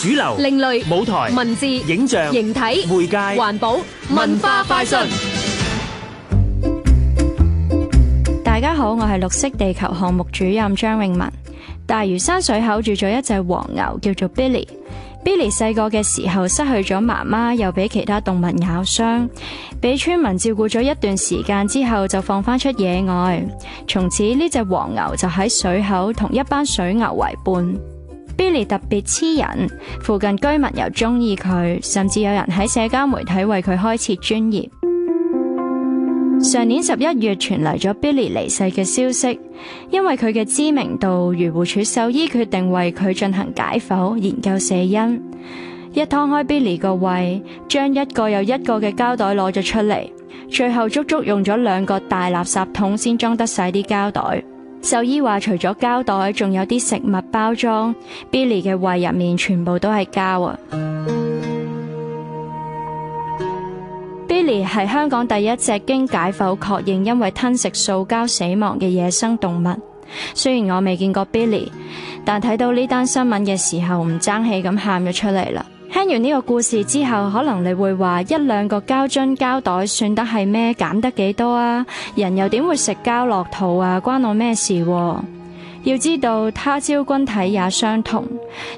主流、另類舞台、文字、影像、形體、媒介、環保、文化快訊。大家好，我係綠色地球項目主任張永文。大嶼山水口住咗一隻黃牛，叫做 Billy。Billy 細個嘅時候失去咗媽媽，又俾其他動物咬傷，俾村民照顧咗一段時間之後，就放返出野外。從此呢隻黃牛就喺水口同一班水牛為伴。Billy 特別黐人，附近居民又中意佢，甚至有人喺社交媒體為佢開設專頁。 上年十一月傳嚟咗 Billy 離世嘅消息，因為佢嘅知名度，漁護署獸醫決定為佢進行解剖研究死因。一劏開 Billy 個胃，將一個又一個嘅膠袋攞咗出嚟，最後足足用咗兩個大垃圾桶先裝得晒啲膠袋。獸醫話，除咗膠袋，仲有啲食物包裝。 Billy 嘅胃入面全部都係膠啊！Billy 係香港第一隻經解剖確認因為吞食塑膠死亡嘅野生動物。雖然我未見過 Billy，但睇到呢單新聞嘅時候，唔爭氣咁喊咗出嚟啦。聽完呢個故事之後，可能你會話一兩個膠樽膠袋算得係咩？減得幾多啊？人又點會食膠落肚啊？關我咩事啊？要知道，他朝君體也相同。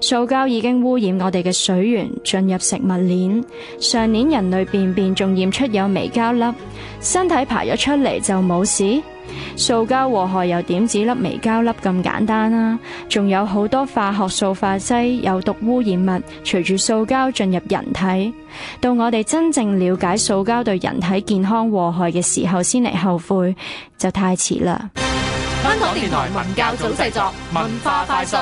塑膠已經污染我哋嘅水源，進入食物鏈。上年人類便便仲驗出有微膠粒，身體排咗出嚟就冇事？塑膠禍害又點止粒微膠粒咁簡單啊？仲有好多化學塑化劑、有毒污染物，隨住塑膠進入人體。到我哋真正了解塑膠對人體健康禍害嘅時候，先嚟後悔就太遲啦。香港電台文教組製作《文化快訊》。